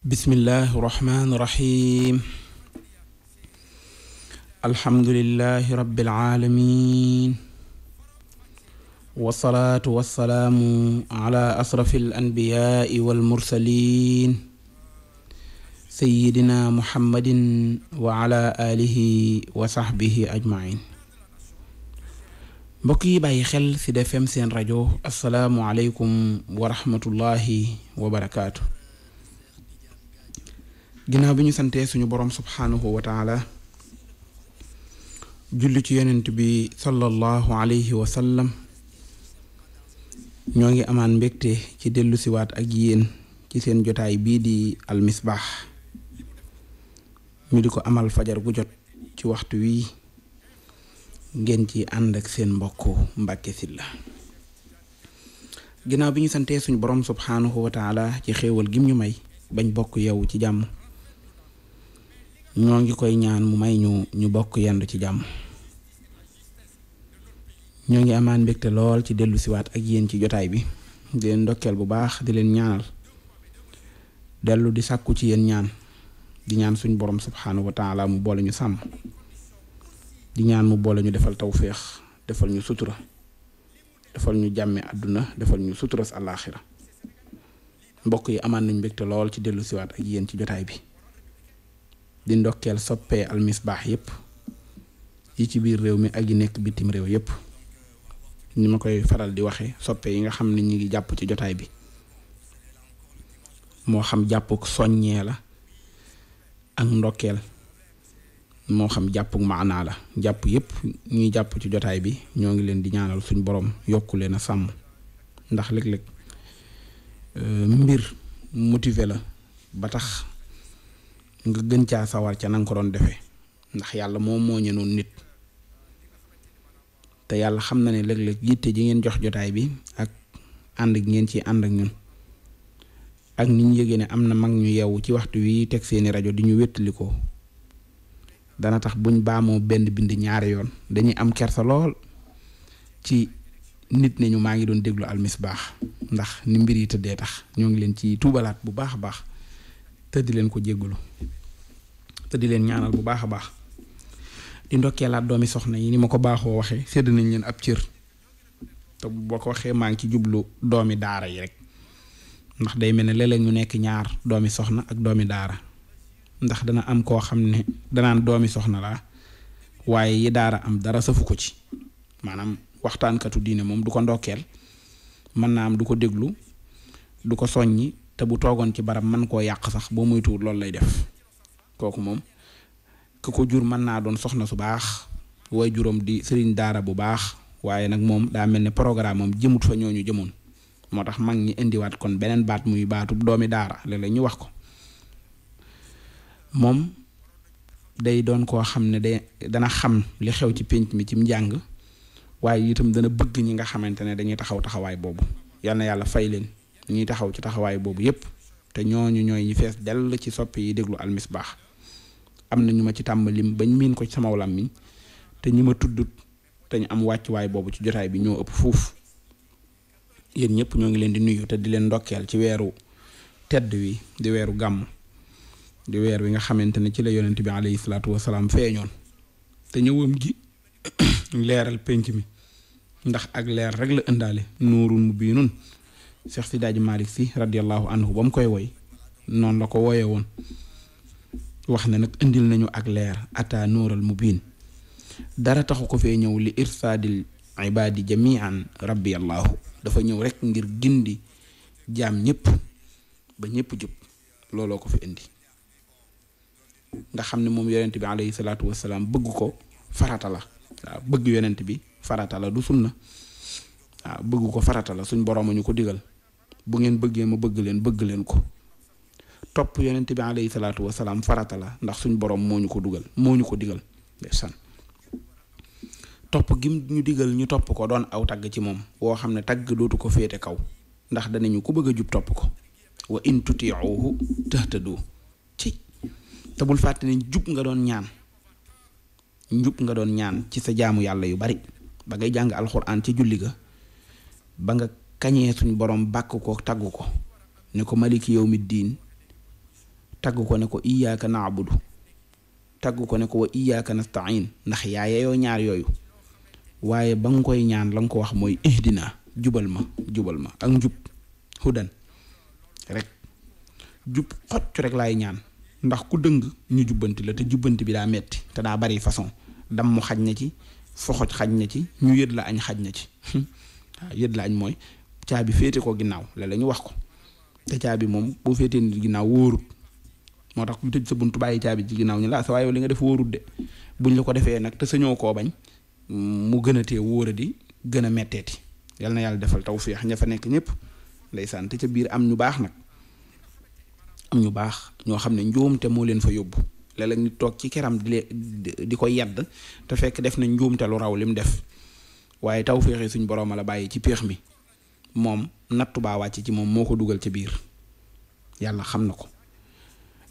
bismillahi irrahmani irrahim alhamdulilahi rabilaalamin wasalaatu wasalaamu ala asrafi alanbiyaai walmursalin sayidina muhammadin wa ala alihi wa saxbihi ajmain mbokk yi bàyyi xel ci Sud FM seen rajo asalaamualeykum wa rahmatullahi wa barakaatu ginnaaw bi ñu santee suñu boroom subhaanahu wa taala julli ci yonent bi sallallahu alayhi wa sallam ñoo ngi amaan mbégte ci dellu siwaat ak yéen ci seen jotaay bii di almisbaax ñu di ko amal fajar bu jot ci waxtu wi ngeen ci ànd ak seen mbokk Mbàkke Sylla ginnaaw bi ñu santee suñu boroom subhaanahu wa ci xéewal gim ñu may bañ bokk yow ci jàmm ñoo ngi koy ñaan mu may ñu ñu bokk yendu ci jàmm ñoo ngi amaan mbégte lool ci dellusiwaat siwaat ak yéen ci jotaay bi di leen ndokkeel bu baax di leen ñaanal dellu di sàkku ci yéen ñaan di ñaan suñ borom subxanahu wa mu boole ñu sàmm di ñaan mu boole ñu defal tawféex defal ñu sutura defal ñu jàmme àdduna defal ñu sutura si àllaaxira mbokk yi amaan nañ mbégte lool ci dellu siwaat ak yéen ci jotaay bi. di ndokkeel soppee almisbaax yépp yi ci biir réew mi ak yi nekk bitim réew yépp ñu ma koy faral di waxe soppe yi nga xam ne ñu ngi jàpp ci jotaay bi moo xam jàppuk soññee la ak ndokkeel moo xam jàppuk maanaa la jàpp yépp ñuy jàpp ci jotaay bi ñoo ngi leen di ñaanal suñ borom yokku leen a sàmm ndax léeg-léeg euh, mbir motivé la ba tax nga gën caa sawar ca nanga ko doon defee ndax yàlla moom moo ñu noonu nit te yàlla xam na ne léeg-léeg yitte ji ngeen jox jotaay bi ak ànd gi ngeen ci ànd ak ñun ak ni ñu yëgee ne am na mag ñu yeewu ci waxtu wi teg seeni rajo di ñu wéttali ko dana tax buñ baamoo benn bind ñaari yoon dañuy am kersa lool ci nit nañu maa ngi doon déglu baax ndax ni mbir yi tëddee tax ñoo ngi leen ci tuubalaat bu baax a baax te leen ko jéggalu tëddi leen ñaanal bu baax a baax di ndokkeelaat doomi soxna yi ni ma ko baaxoo waxee sédd nañ leen ab cër te boo ko waxee maa ngi ci jublu doomi daara yi rek ndax day mel ne léeg-léeg ñu nekk ñaar doomi soxna ak doomi daara ndax dana am koo xam ne danaan doomi soxna laa waaye yi daara am dara sëfu ko ci maanaam waxtaankatu diine moom du ko ndokkeel mën naa am du ko déglu du ko soññi te bu toogoon ci barab man koo yàq sax boo moytuwul loolu lay def kooku moom ku ko jur mën naa doon soxna su baax way juróom di sëriñ daara bu baax waaye nag moom daa mel ni programme am jëmut fa ñooñu jëmoon moo tax mag ñi indiwaat kon beneen baat muy baatu doomi daara léeg-léeg ñu wax ko moom day doon koo xam ne day dana xam li xew ci pénc mi ci njàng waaye itam dana bëgg ñi nga xamante ne dañuy taxaw taxawaay boobu yal yàlla fay leen ñuy taxaw ci taxawaay boobu yépp te ñoo ñu ñooy ñi fees dell ci soppi yi déglu baax am na ñu ma ci tàmbalim bañ miin ko ci sama làmmiñ te ñi ma tudd te ñu am wàccuwaay boobu ci jotaay bi ñoo ëpp fuuf yéen ñëpp ñoo ngi leen di nuyu te di leen ndokkeel ci weeru tedd wi di weeru gàmm di weer wi nga xamante ne ci la yonent bi alayhi salaatu wasalaam feeñoon te ñëwam leeral penc mi ndax ak leer rek la ëndaale nuurun mu biinun Cheikh si daaji Malick si radiallahu anhu ba mu koy woy noonu la ko wooyee woon wax na nag indil nañu ak leer ata nuural mubiin dara taxu ko fee ñëw li irsaadil ibaadi jamian rabbi dafa ñëw rek ngir gindi jaam ñépp ba ñépp jub looloo ko fi indi nga xam ne moom yonent bi alayhi salaatu wasalaam bëgg ko farata la waaw bëgg yonent bi farata la du sunna bëgg ko farata la suñ borom ñu ko digal bu ngeen bëggee ma bëgg leen bëgg leen ko topp yonent bi alayhi salaatu wasalaam farata la ndax suñ borom moo ñu ko dugal moo ñu ko digal topp gim ñu digal ñu topp ko doon aw tagg ci moom woo xam ne tagg dootu ko féete kaw ndax danañu ku bëgg a jub topp ko wa in tutiuhu tahtadu ci te bul fàtte ne jub nga doon ñaan njub nga doon ñaan ci sa jaamu yàlla yu bari ba ngay jàng alxuraan ci julli ga ba nga kañee suñ borom bàkk ko tagg ko ne ko maliki yow mi diin tagg ko ne ko iyaaka naabudu tagg ko ne ko wa iyaaka nastain ndax yaa yeyoo ñaar yooyu waaye ba nga koy ñaan la nga ko wax mooy ihdina jubal ma jubal ma ak njub hudan rek jub xocc rek lay ñaan ndax ku dëng ñu jubbanti la te jubbanti bi daa metti te daa bari façon dam xaj na ci foxoj xaj na ci ñu yët la añ xaj na ci waaw yët laañ mooy caabi féete ko ginnaaw la la wax ko te caabi moom boo féetee nit ginnaaw wóorut moo tax mu tëj sa buntu bàyyi caabi ci ginnaaw ñu la sa waaye li nga def wóorut de buñ la ko defee nag te ñëw koo bañ mu gën a tee wóora di gën a metteeti yal na yàlla defal tawféex ña fa nekk ñëpp ndeysaan te ca biir am ñu baax nag am ñu baax ñoo xam ne njuumte moo leen fa yóbbu léeg-léeg toog ci keram di di ko yedd te fekk def na njuumte lu raw lim def waaye taw féexi suñ borooma la bàyyi ci péex mi moom nattu baa wàcc ci moom moo ko dugal ca biir yàlla xam na ko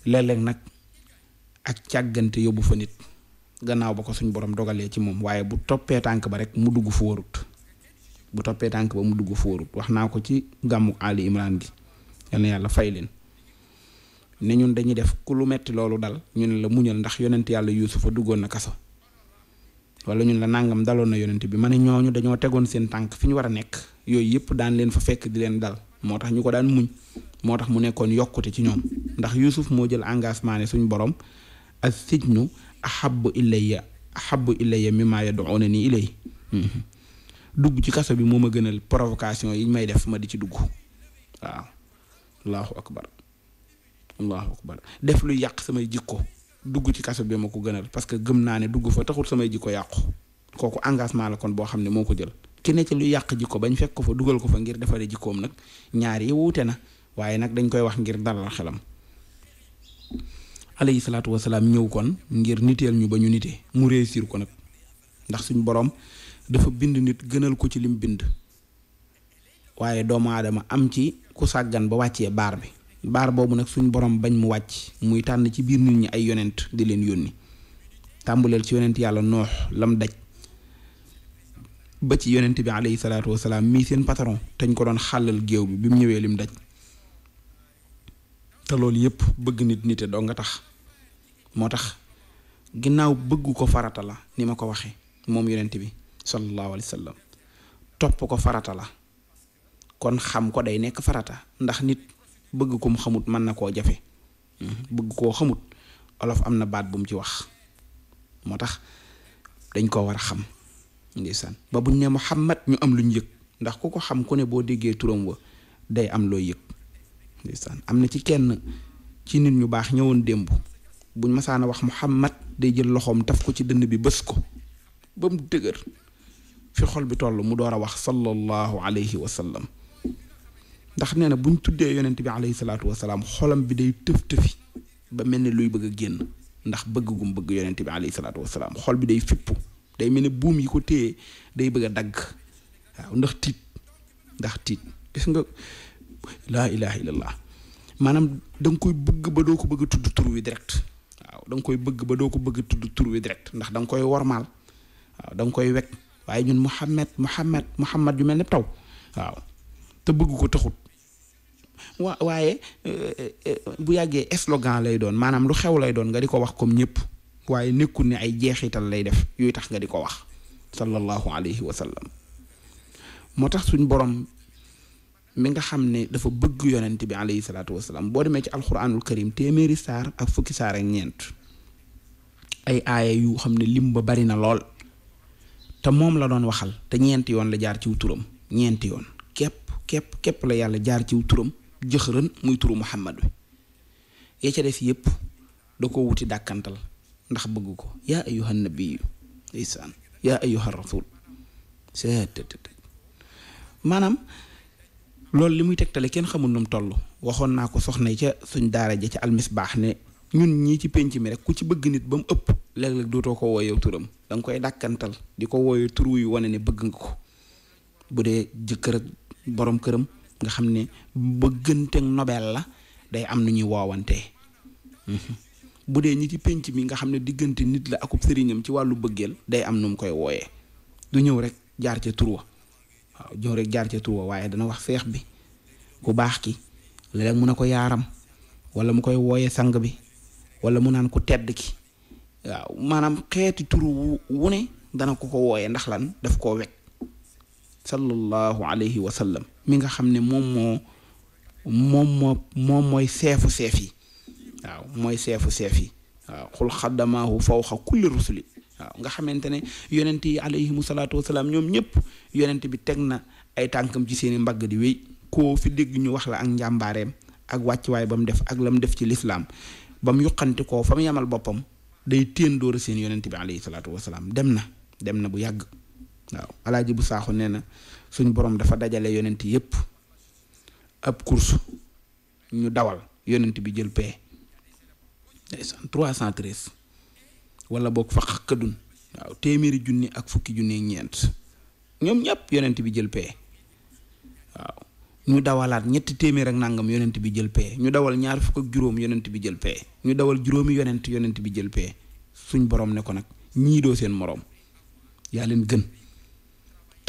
léeg nag ak càggante yóbbu fa nit gannaaw ba ko suñ borom dogalee ci moom waaye bu toppee tànk ba rek mu dugg fu warut bu toppee tànk ba mu dugg fu wax naa ko ci gàmmu Ali Imran gi yal yàlla fay leen ne ñun dañuy def ku lu metti loolu dal ñu ne la muñal ndax yonent yàlla fa duggoon na kaso wala ñun la nangam daloon na yonent bi ma ne ñooñu dañoo tegoon seen tànk fi ñu war a nekk yooyu yëpp daan leen fa fekk di leen dal moo tax ñu ko daan muñ moo tax mu nekkoon yokkute ci ñoom ndax Yuusuf moo jël engagement ne suñu borom as sijnu ahabbu ilayya ahabbu ilayya mimmaa yad'uunanii ilayhi mhm. dugg ci kaso bi moo ma gën a provocation yi may def ma di ci dugg waaw allahu akbar allahu akbar def luy yàq samay jikko dugg ci kaso bi ma ko gënal parce que gëm naa ne dugg fa taxul samay jikko yàqu kooku engagement la kon boo xam ne moo ko jël ki ne ci lu yàq jikko bañ fekk ko fa dugal ko fa ngir defaree jikkoom nag ñaar yi wuute na waaye nag dañ koy wax ngir dalal xelam alayhi salaatu wasalaam ñëw kon ngir niteel ñu ba ñu nitee mu réussir ko nag ndax suñ boroom dafa bind nit gënal ko ci lim bind waaye doomu aadama am ci ku sàggan ba wàccee baar bi baar boobu nag suñ boroom bañ mu wàcc muy tànn ci biir nit ñi ay yonent di leen yónni tàmbuleel ci yonent yàlla noox lam daj ba ci yonent bi alayhi salaatu wasalaam mii seen patron tañ ko doon xàllal géew bi bi mu ñëwee lim daj te loolu yépp bëgg nit nite doo nga tax moo tax ginnaaw bëgg ko farata la ni ma ko waxee moom yonent bi sallallahu alayhi wa topp ko farata la kon xam ko day nekk farata ndax nit bëgg ko mu xamut mën na koo jafe hmm. bëgg koo xamut olof am na baat bu mu ci wax moo tax dañ koo war a xam ndeysaan ba buñ ne Muhammad ñu am luñ yëg ndax ku ko xam ku ne boo diggee turam wa day am looy yëg ndeysaan am na ci kenn ci nit ñu baax ñëwoon démb buñ a wax Muhammad day jël loxoom taf ko ci dënn bi bës ko ba mu dëgër fi xol bi toll mu door a wax sallallahu alayhi wa sallam ndax nee na bu ñu tuddee yonent bi alayhi salaatu wasalaam xolam bi day tëf tëfi ba mel ni luy bëgg a génn ndax bëgg gum bëgg yonent bi alayhi salaatu wasalaam xol bi day fippu day mel ni buum yi ko téye day bëgg a dagg waaw ndax tiit ndax tiit gis nga laa ilaha illallah maanaam da koy bëgg ba doo ko bëgg tudd tur wi direct waaw da koy bëgg ba doo ko bëgg tudd tur wi direct ndax danga koy wormaal waaw da nga koy wekk waaye ñun Muhammad Muhammad Muhammad yu mel ne taw waaw te bëgg ko taxut wa waaye euh, euh, euh, bu yàggee slogan lay doon maanaam lu xew lay doon nga di ko wax comme ñëpp waaye nekkul ne ay jeexital lay def yuy tax nga di ko wax sallallahu alayhi wa moo tax suñ borom mi nga xam ne dafa bëgg yonent bi alayhi salaam boo demee ci alquranul karim téeméeri saar ak fukki saar ñeent ay aaya yu xam ne lim ba bari na lool te moom la doon waxal te ñeenti yoon la jaar ci turam ñeenti yoon képp képp képp la yàlla jaar ci turam jëxëran muy turu Muhammad wi ya ca def yépp da ko wuti dàkkantal ndax bëgg ko yaa ayyuhan nabiyyu isaan yaa ayyuhar rasul maanaam loolu li muy tegtale kenn xamul nu mu toll waxoon naa ko soxna ca suñ daara ja ca baax ne ñun ñii ci penc mi rek ku ci bëgg nit ba mu ëpp léeg-léeg dootoo ko wooyew turam da nga koy dàkkantal di ko wooye turu yi wane ne bëgg nga ko bu dee jëkkër ak boroom këram nga xam ne bëgganteeg nobel la day am nu ñuy woowantee mhm. bu dee ñi ci pénc mi nga xam ne diggante nit la akub sëriñam ci wàllu bëggeel day am nu mu koy wooyee lu ñëw rek jaar ca turwa waaw ñëw rek jaar ca turwa waaye dana wax seex bi ku baax ki léeg mun ne ko yaaram wala mu koy wooyee sang bi wala mu naan ku tedd ki waaw maanaam xeeti turu wu ne dana ko ko wooyee ndax lan daf koo wekk sallallahu alayhi wa mi nga xam ne moom moo moom moo moom mooy seefu seef yi waaw mooy seefu seef yi waaw xul xaddamaahu fawxa kulli rusuli waaw nga xamante ne yonent yi alayhimu salaatu wasalaam ñoom ñëpp yonent bi teg na ay tànkam ci seeni mbagg di wéy koo fi dégg ñu wax la ak njàmbaareem ak wàccuwaay ba mu def ak la mu def ci lislaam ba mu yuqante koo fa mu yamal boppam day téen dóor seen yonent bi alayhi salaatu wasalaam dem na dem na bu yàgg waaw alaaji bu saaxu nee na suñ borom dafa dajale yonent yépp ab course ñu dawal yonent bi jël pee ndeysaan trois wala boog fa xakkadun waaw téeméeri junni ak fukki ñeent ñoom ñëpp yonent bi jël pee waaw ñu dawalaat ñetti téeméer ak nangam yonent bi jël pee ñu dawal ñaar fukk ak juróom yonent bi jël pee ñu dawal juróomi yonent yonent bi jël pee suñ borom ne ko nag ñiidoo seen moroom yaa leen gën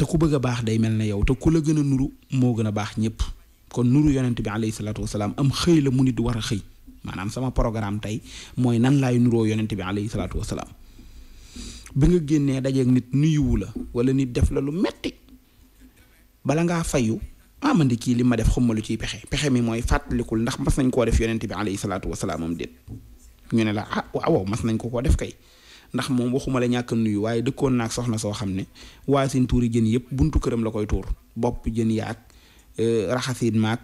te ku bëgg a baax day mel ne yow te ku la gën a nuru moo gën a baax ñëpp kon nuru yonent bi alayhi salaatu wasalaam am xëy la mu nit war a xëy maanaam sama programme tey mooy nan laay nuroo yonent bi alayhi salaatu wasalaam bi nga génnee dajeeg nit nuyuwu la wala nit def la lu metti bala ngaa fayu ah man de kii li ma def xam ma lu ciy pexe pexe mi mooy fàttalikul ndax mas nañ koo def yonent bi alayhi salaatu wasalaam am déet ñu ne laa ah mas nañ ko koo def kay ndax moom waxuma la ñàkk nuyu waaye dëkkoon naa soxna soo xam ne waasin tuuri jën yëpp buntu këram la koy tuur bopp jën yaag euh, raxasin maag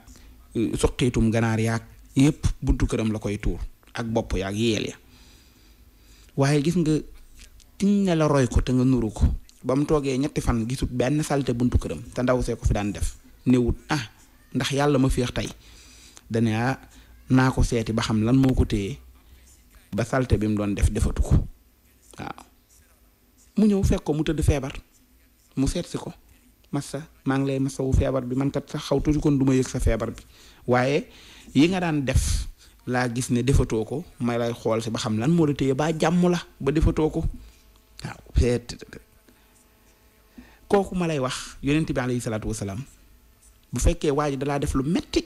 euh, suqiitum ganaar yaag yëpp buntu këram la koy tuur ak bopp yaag yeel ya waaye gis nga tiñ ne la roy ko te nga nuru ko ba mu toogee ñetti fan gisut benn salte buntu këram te ndaw see ko fi daan def newut ah ndax yàlla ma féex tey dane ah, naa ko seeti ba xam lan moo ko téye ba salte bi mu doon def defatu ko waaw mu ñëw fekk ko mu tëdd feebar mu seet si ko massa maa ngi lay massawu feebar bi man kat sax xaw tuuti kon du ma yëg sa feebar bi waaye yi nga daan def laa gis ne defatoo ko ma lay xool si ba xam lan moo la téye baa jàmm la ba defatoo ko waaw seet kooku ma lay wax yonent bi alayhi salaatu wasalaam bu fekkee waa ji dalaa def lu metti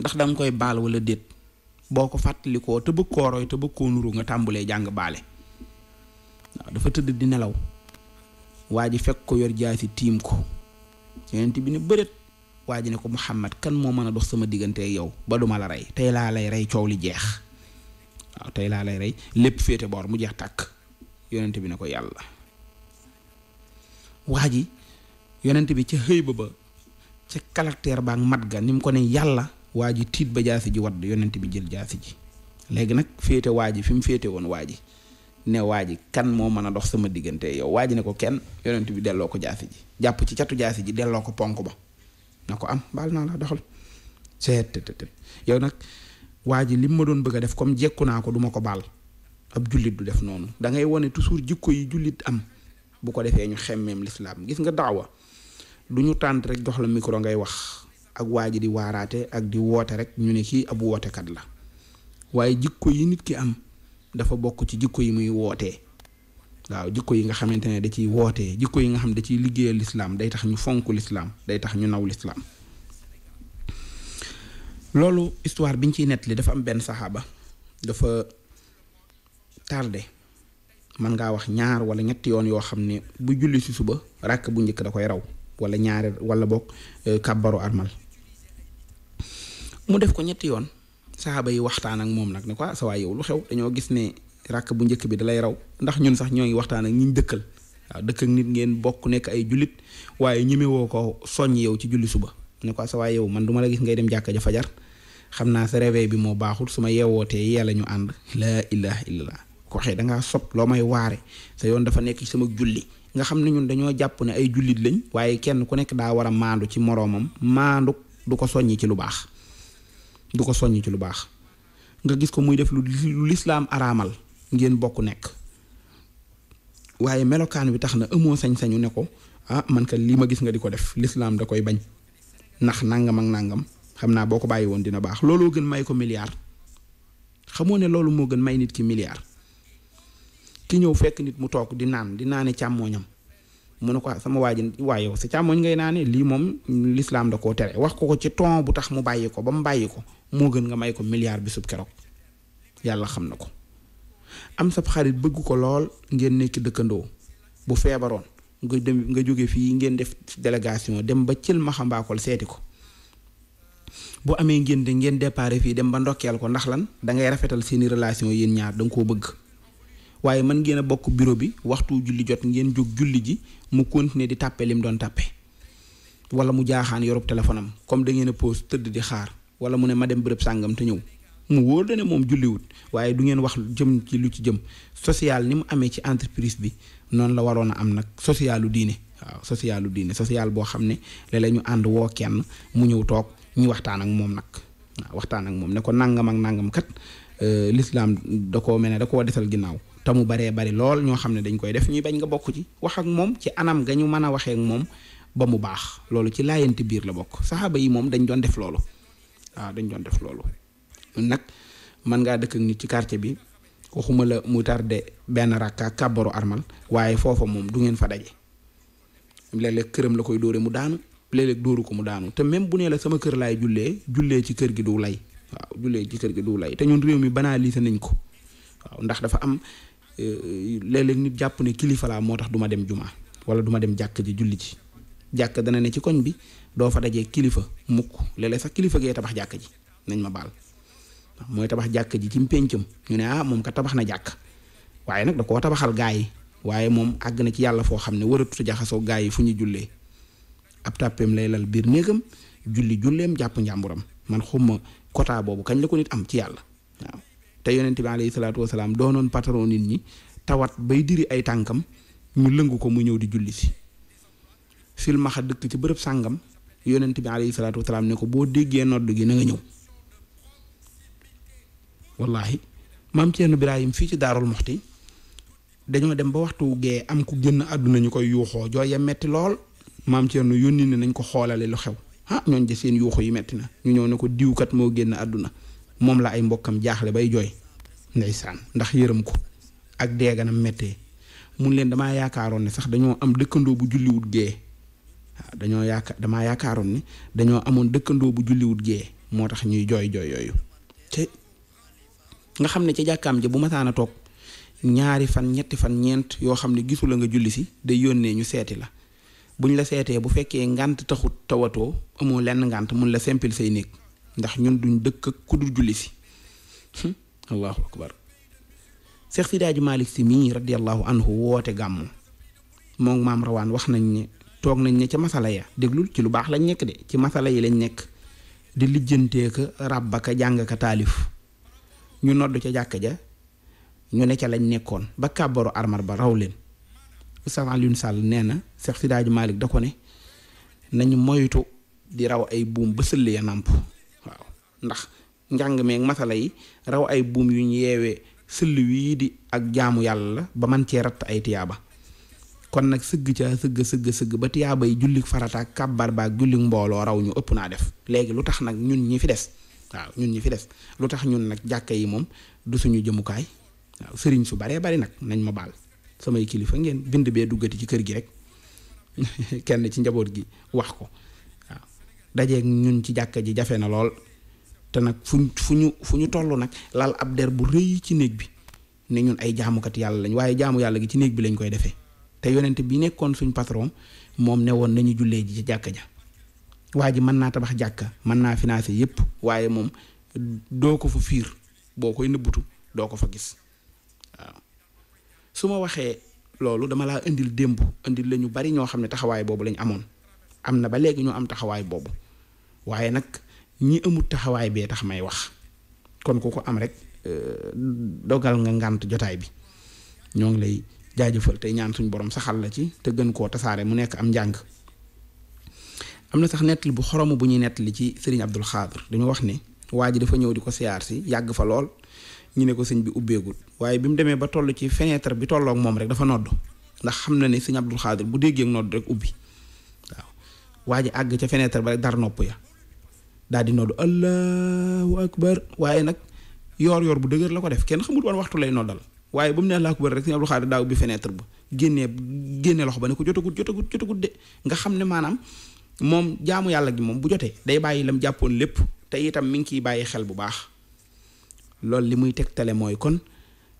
ndax danga koy baal wala déet boo ko fàttalikoo te bëgg koo roy te bëgg koo nuru nga tàmbulee jàng baale dafa tëdd di nelaw waa ji fekk ko yor jaasi tiim ko yonent bi ne bërét waa ji ne ko Muhammad kan moo mën a dox sama diggante ak yow ba duma la rey tey laa lay rey coow li jeex waaw tey laa lay rey lépp féete boor mu jeex tàkk yonent bi ne ko yàlla waa ji yonent bi ca xëy ba ca caractère ba ak mat ni ko ne yàlla waa ji tiit ba jaasi ji wadd yonent bi jël jaasi ji léegi nag féete waa ji fi mu féete woon waa ji ne waa ji kan moo mën a dox sama diggante yow waa ji ne ko kenn yonent bi delloo ko jaasi ji jàpp ci catu jaasi ji delloo ko ponk ba na ko am baal naa la doxal seet yow nag waa ji li ma doon bëgg a def comme jekku naa ko duma ko baal ab jullit du def noonu da ngay wane toujours jikko yi jullit am bu ko defee ñu xemmeem lislaam gis nga daawa du ñu tànt rek jox la micro ngay wax ak waa ji di waaraate ak di woote rek ñu ne kii ab kat la waaye jikko yi nit ki dafa bokk ci jikko yi muy wootee waaw jikko yi nga xamante ne da ciy wootee jikko yi nga xam da ciy liggéeyal lislaam day tax ñu fonk lislaam day tax ñu naw lislaam loolu histoire biñ ciy nettali dafa am benn saxaaba dafa tardé mën ngaa wax ñaar wala ñetti yoon yoo xam ne bu julli si suba ràkk bu njëkk da koy raw wala ñaari walla bokk euh, kàbbaru armal mu def ko ñetti yoon saaba yi waxtaan ak moom nag ne ko ah, sa waa yow lu xew dañoo gis ne ràkk bu njëkk bi dalay raw ndax ñun sax ñoo ngi waxtaan ak ñi ñu dëkkal waaw dëkk ak nit ngeen bokk nekk ay jullit waaye ñemewoo ko soññ yow ci julli suba ne ko ah, sa waa man du la gis ngay dem jàkka xam naa sa réveil bi moo baaxul su ma yeewootee yàlla ñu ànd laa ilaha illallah ko waxee dangaa loo may waare sa yoon dafa nekk ci sama julli nga xam ne ñun dañoo jàpp ne ay jullit lañ waaye kenn ku nekk daa war a maandu ci moroomam maandu du ko soññi ci lu baax du ko soññ ci lu baax nga gis ko muy def lu lislaam araamal ngeen bokk nekk waaye melokaan bi tax na amoo sañ-sañu ne ko ah man ka lii ma gis nga di ko def lislaam da koy bañ ndax nangam ak nangam xam naa boo ko bàyyi woon dina baax looloo gën may ko milliard xamoo ne loolu moo gën may nit ki milliard ki ñëw fekk nit mu toog di naan di naane càmmooñam mu ne ko ah, sama waa ji waa yow sa càmmoñ ngay naane lii moom lislaam da koo tere wax ko ko ci ton bu tax mu bàyyi ko ba mu bàyyi ko moo gën nga may ko milliard bi sub keroog yàlla xam na ko am sab xarit bëgg ko lool ngeen nekk dëkkandoo bu feebaroon nga dem nga jóge fii ngeen def délégation dem ba cël maxambaakool seeti ko boo amee ngénte ngeen déparé fii dem ba ndokkeel ko ndax lan dangay rafetal seeni relation yéen ñaar danga koo bëgg waaye man ngeen a bokk bureau bi waxtu julli jot ngeen jóg julli ji mu continuer di tàppe lim doon tàppe wala mu jaaxaan yorub téléphone am comme da ngeen a pause tëdd di xaar wala mu ne ma dem bërëb sàngam te ñëw mu wóor la ne moom wut waaye du ngeen wax jëm ci lu ci jëm sociale ni mu amee ci entreprise bi noonu la waroon a am nag socialu diine waaw socialu diine sociale boo xam ne léeg ñu ànd woo kenn mu ñëw toog ñu waxtaan ak moom nag waaw waxtaan ak moom ne ko nangam ak nangam kat euh, lislaam da koo mel ne da koo desal ginnaaw. te mu baree bari lool ñoo xam ne dañ koy def ñuy bañ nga bokk ci wax ak moom ci anam nga ñu mën a waxee moom ba mu baax loolu ci laayante biir la bokk saxaaba yi moom dañ doon def loolu waaw dañ doon def loolu nag mën ngaa dëkk ak nit ci quartier bi waxuma la mu tardé benn rakka kàbbaru armal waaye foofa moom du ngeen fa daje léeg këram la koy dóore mu daanu léeg-léeg ko mu daanu te même bu nee la sama kër laay jullee jullee ci kër gi du lay waaw jullee ci kër gi du lay te ñun réew mi banalisé nañ ko waaw ndax dafa am Euh, léeg-léeg nit jàpp ne kilifa laa moo tax duma dem jumaa wala duma dem jàkk ji julli ji jàkk dana ne ci koñ bi doo fa dajee kilifa mukk léeg-léeg sax kilifa gee tabax jàkk ji nañ ma baal mooy tabax jàkk ji ci mpéncam ñu ne ah moom ka tabax na jàkk waaye nag da koo tabaxal gaa yi waaye moom àgg na ci yàlla foo xam ne waratu jaxasoo gaa yi fu ñu jullee ab tàppeem lay lal biir néegam julli julleem jàpp njàmburam man xuma quota boobu kañ la ko nit am ci yàlla te yonent bi alayhi salaatu wasalaam doonoon patron nit ñi tawat bay diri ay tànkam ñu lëngu ko mu ñëw di julli si silmaxa dëkk ci bërëb sàngam yonent bi alayhi salaatu ne ko boo déggee nodd gi na nga ñëw wallaahi maam Ceerno Birahim fii ci Daarul Muxti dañoo dem ba waxtu gee am ku génn àdduna ñu koy yuuxoo jooy ya metti lool maam Ceerno yónni ne nañ ko xoolale lu xew ah ñooñ de seen yuuxu yi metti na ñu ñëw ne ko diwkat moo génn àdduna moom la ay mbokkam jaaxle bay jooy nday saan ndax yërëm ko ak deeganam méttee mun leen damaa yaakaaroon ne sax dañoo am dëkkandoo bu julliwut gee waaw dañoo yaaka damaa yaakaaroon ne dañoo amoon dëkkandoo bu julliwut gee moo tax ñuy jooy jooy yooyu te nga xam ne ci jàkkaam ja bu masaana toog ñaari fan ñetti fan ñeent yoo xam ne gisu la nga julli si day yónnee ñu seeti la buñ la seetee bu fekkee ngànt taxut tawatoo amoo lenn ngànt mun la simple say néeg ndax ñun duñ dëkk ak ku dul julli si allahu akbar Seex Sidaaji Maalik Si mii radiallahu anhu woote gàmmu moom maam rawaan wax nañ ne toog nañ ne ca masala ya déglul ci lu baax lañ nekk de ci masala yi lañ nekk di lijjantee ka ràbba taalif ñu nodd ca jàkk ja ñu ne ca lañ nekkoon ba kàbbaru armar ba raw leen Oustaz Alioune Sall nee na Seex Sidaaji Maalik da ko ne nañu moytu di raw ay buum ba sëllee nàmp ndax njàng meeg masala yi raw ay buum yu ñu yeewee sëll wii di ak jaamu yàlla la ba man cee ratt ay tiyaaba kon nag sëgg ca sëgg sëgg sëgg ba tiyaaba yi jullik farataak kàbbar baak jullik mbooloo raw ñu ëpp naa def léegi lu tax nag ñun ñi fi des waaw ñun ñi fi des lu tax ñun nag jàkka yi moom du suñu jëmukaay sëriñ su baree bari nag nañ ma baal samay kilifa ngeen bind bee duggati ci kër gi rek kenn ci njaboot gi wax ko waaw dajeeg ñun ci jàkka ji jafe te nag fuñ fu ñu fu ñu toll nag lal ab der bu rëy ci néeg bi ne ñun ay jaamukat yàlla lañu waaye jaamu yàlla gi ci néeg bi lañ koy defee te yonent bi nekkoon suñ patron moom ne woon nañu jullee ji ci jàkk ja waa ji mën naa tabax jàkka mën naa financé yépp waaye moom doo ko fa fiir boo koy nëbbutu doo ko fa gis waaw su ma waxee loolu dama laa indil démb indil la ñu bari ñoo xam ne taxawaay boobu lañ amoon am na ba léegi ñoo am taxawaay boobu waaye ñi amul taxawaay bee tax may wax kon ku ko am rek euh, dogal nga ngànt jotaay bi ñoo ngi lay jaajëfal tey ñaan suñ borom saxal la ci te gën koo tasaare mu nekk am njàng am na sax nettali bu xoromu bu ñuy nettali ci sëriñ Abdul Xaadir dañu wax ne waa ji dafa ñëw di ko siyaar si yàgg fa lool ñu ne ko sëñ bi ubbeegul waaye bi mu demee ba toll ci fenêtre bi tollook moom rek dafa nodd ndax xam na ne sëñ Abdul Xaadir bu déggee nodd rek ubbi waaw waa ji àgg ca fenêtre ba rek dar nopp ya daal di noddu allahu akbar waaye nag yoor yoor bu dëgër la ko def kenn xamul woon waxtu lay noddal waaye ba mu ne allahu akbar rek sëñ Abdou Khadre daaw bi fenêtre ba génnee génne loxo ba ne ko jotagut jotagut jotagut de nga xam ne maanaam moom jaamu yàlla gi moom bu jotee day bàyyi lam jàppoon lépp te itam mi ngi ciy bàyyi xel bu baax loolu li muy teg tegtale mooy kon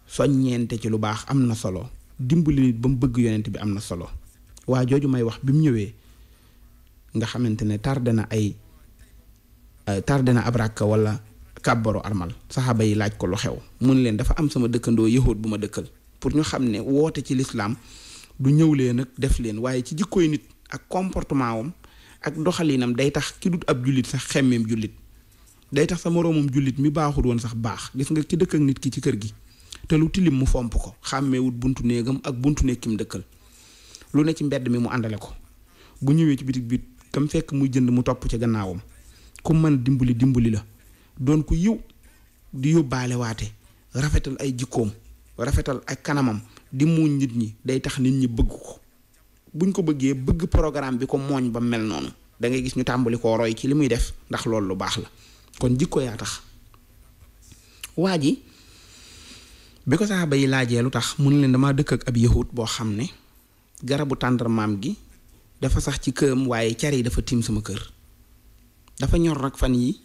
soññeente ci lu baax am na solo dimbali nit ba mu bëgg yonent bi am na solo waa jooju may wax bi mu ñëwee nga xamante ne tardé na ay. Euh, tardé na ab rakka wala kàbbaru armal saxaaba yi laaj ko lu xew mun leen dafa am sama dëkkandoo yahud bu ma dëkkal pour ñu xam ne woote ci lislaam du ñëw leen ak def leen waaye ci jikkooy nit ak comportement wam ak doxalinam day tax ki dut ab jullit sax xemmeem jullit day tax sa moroomum jullit mi baaxul woon sax baax gis nga ki dëkk ak nit ki ci kër gi te lu tilim mu fomp ko xàmmeewut buntu néegam ak buntu nekkim dëkkal lu ne ci mbedd mi mu àndale ko bu ñëwee ci bitig bi kam fekk muy jënd mu topp ci gannaawam ku mën dimbali dimbali la doon ku yiw di yóbbaale waate rafetal ay jikkoom rafetal ak kanamam di muuñ nit ñi day tax nit ñi bëgg ko buñ ko bëggee bëgg programme bi ko mooñ bam mel noonu dangay gis ñu tàmbali koo roy ci li muy def ndax loolu lu baax la kon jikko yaa tax waa ji bi ko saxaaba yi laajee lu tax mu leen damaa dëkk ak ab yahut boo xam ne garabu tàndarmaam gi dafa sax ci këram waaye car yi dafa tiim sama kër dafa ñor nag fan yi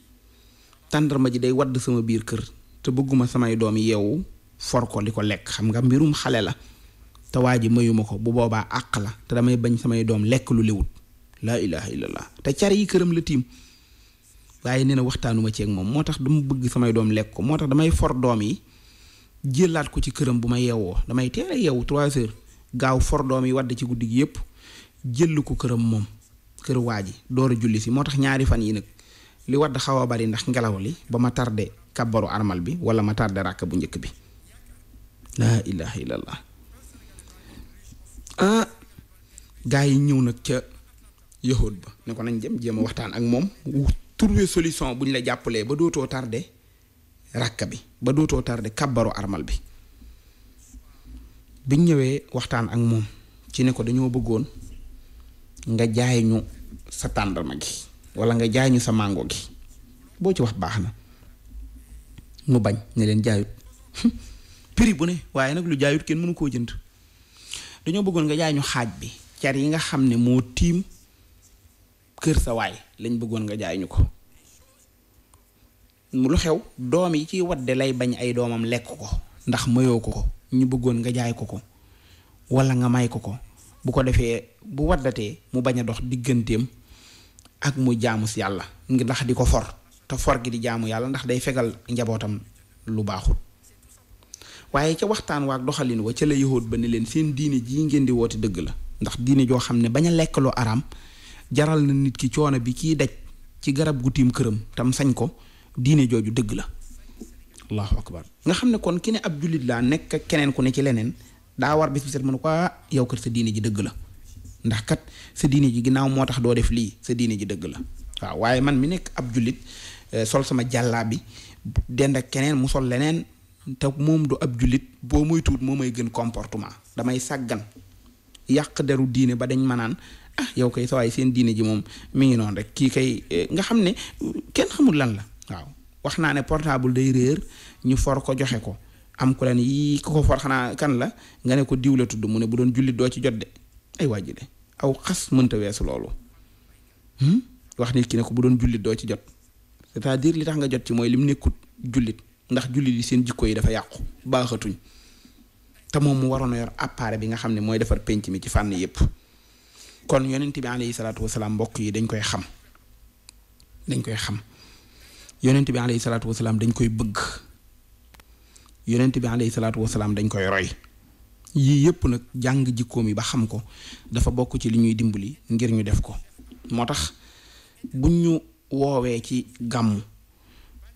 tàndarma ji day wadd sama biir kër te bëgguma samay doom yeewu for ko di ko lekk xam nga mbirum xale la te waa ji mayuma ko bu boobaa àq la te damay bañ samay doom lekk lu lewut laa ilaha illallah te car yi këram la tiim waaye nee na waxtaanuma ceeg moom moo tax dama bëgg samay doom lekk ko moo tax damay for doom yi jëlaat ko ci këram bu ma yeewoo damay teel a yeewu trois heures gaaw for doom yi wadd ci guddi gi yépp jël ko këram moom kër waa ji door a julli si moo tax ñaari fan yi nag li wadd xaw a bari ndax ngelaw li ba ma tardé kabbaru armal bi wala ma tardé ràkk bu njëkk bi laa ilaha illallah ah, gaa yi ñëw nag ca yahud ba ne ko nañ jëm jéem a waxtaan ak moom trouver solution bu ñu la jàppalee ba dootoo tardé ràkk bi ba dootoo tardé kabbaru armal bi biñ ñëwee waxtaan ak moom ci ne ko dañoo bëggoon nga jaay ñu sa tàndarma gi wala nga jaay ñu sa mango gi boo ci wax baax na mu bañ ne leen jaayut prix bu ne waaye nag lu jaayut kenn mënu koo jënd dañoo bëggoon nga jaay ñu xaaj bi car yi nga xam ne moo tiim kër sa waay lañ bëggoon nga jaay ñu ko lu xew doom yi ciy wadde lay bañ ay doomam lekk ko ndax mayoo ko ko ñu bëggoon nga jaay ko ko walla nga may ko ko bu ko defee bu waddatee mu bañ a dox digganteem ak mu jaamu si yàlla ndax di ko for te for gi di jaamu yàlla ndax day fegal njabootam lu baaxut waaye ca waxtaan waa doxalin wa ca la yahóot ba ne leen seen diine jii ngeen di woote dëgg la ndax diine joo xam ne bañ a lekk lu araam jaral na nit ki coono bi kiy daj ci garab gu tiim këram tam sañ ko diine jooju dëgg la allahu akbar nga xam ne kon ki ne ab jullit laa nekk keneen ku ne ci leneen daa war bi set mu ne ko ah, yow kat sa diine ji dëgg la ndax kat sa diine ji ginnaaw moo tax doo def lii sa diine ji dëgg la waaw waaye man mi nekk ab jullit eh, sol sama jàllaa bi dend ak keneen mu sol leneen te moom du ab jullit boo muy moom moo gën comportement damay sàggan yàq deru diine ba dañ manaan ah yow kay sawaay seen diine ji moom mi ngi noonu rek kii kay eh, nga xam ne kenn xamul lan la waaw wax naa ne portable day réer ñu for ko joxe ko am ku leen yii ku ko for xanaa kan la nga ne ko diw tudd mu ne bu doon jullit doo ci jot de ay waa ji aw xas mënta weesu loolu hmm? wax nit ki ne ko bu doon jullit doo ci jot cest à li tax nga jot ci mooy li mu nekkut jullit ndax jullit yi seen jikko yi dafa yàqu baaxatuñ te moom mu waroon a yor appareil bi nga xam ne mooy defar penc mi ci fànn yépp kon yonent bi alayhi salaatu wasalaam mbokk yi dañ koy xam dañ koy xam yonent bi alayhi salaatu wasalaam dañ koy bëgg. yonent bi alayhi salaatu wasalaam dañ koy roy yii yëpp nag jàng jikkoom yi ba xam ko dafa bokk ci li ñuy dimbali ngir ñu def ko moo tax buñ ñu woowee ci gàmm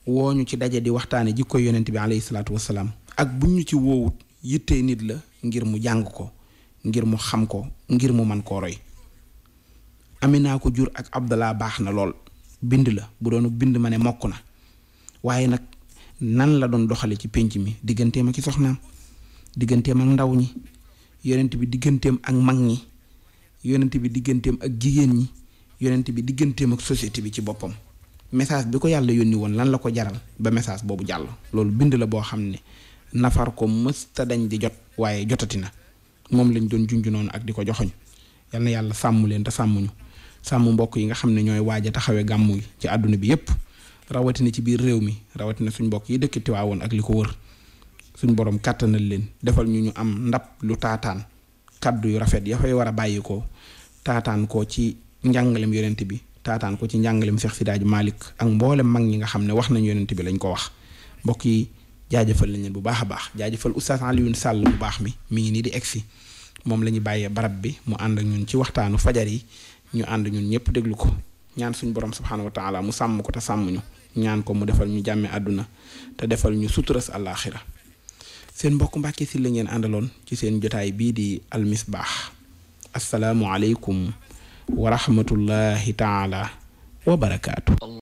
woo ñu ci daje di waxtaane jikko yonent bi alayhi salaatu wasalaam ak buñ ñu ci woowut yittee nit la ngir mu jàng ko ngir mu xam ko ngir mu man koo roy Amina ko jur ak Abdallah baax na lool bind la bu doon bind ma ne mokk na waaye nag nan la doon doxale ci pénc mi digganteem ak ci soxnaam digganteem ak ndaw ñi yonent bi digganteem ak mag ñi yonent bi digganteem ak jigéen ñi yonent bi digganteem ak société bi ci boppam message bi ko yàlla yónni woon lan la ko jaral ba message boobu jàll loolu bind la boo xam ne nafar ko mësta dañ di jot waaye jotati na moom lañ doon junj noonu ak di ko joxoñ yal yàlla sàmm leen te sàmmuñu sàmm mbokk yi nga xam ne ñooy waaj a taxawee gàmmu yi ci àdduna bi yépp rawatina ci biir réew mi rawatina suñ mbokk yi dëkk Tiwaawoon ak li ko wër suñ borom kàttanal leen defal ñu ñu am ndab lu taataan kàddu yu rafet ya fay war a bàyyi ko taataan ko ci njàngalem yonent bi taataan ko ci njàngalem Seex Sidaaji Malik ak mboole mag ñi nga xam ne wax nañu yonent bi lañ ko wax mbokk yi jaajëfal nañ leen bu baax a baax jaajëfal Oustaz Alioune sàll bu baax mi mi ngi nii di egg si moom la ñu bàyyee barab bi mu ànd ak ñun ci waxtaanu fajar yi ñu ànd ñun ñëpp déglu ko ñaan suñu borom subxanahu mu sàmm ko te sàmm ñu. ñaan ko mu defal ñu jàmme àdduna te defal ñu suturas àllaaxira seen mbokk Mbàkke Sylla ngeen àndaloon ci seen jotaay bii di almisbaax asalaamualeykum wa rahmatullahi taala wa barakaatu.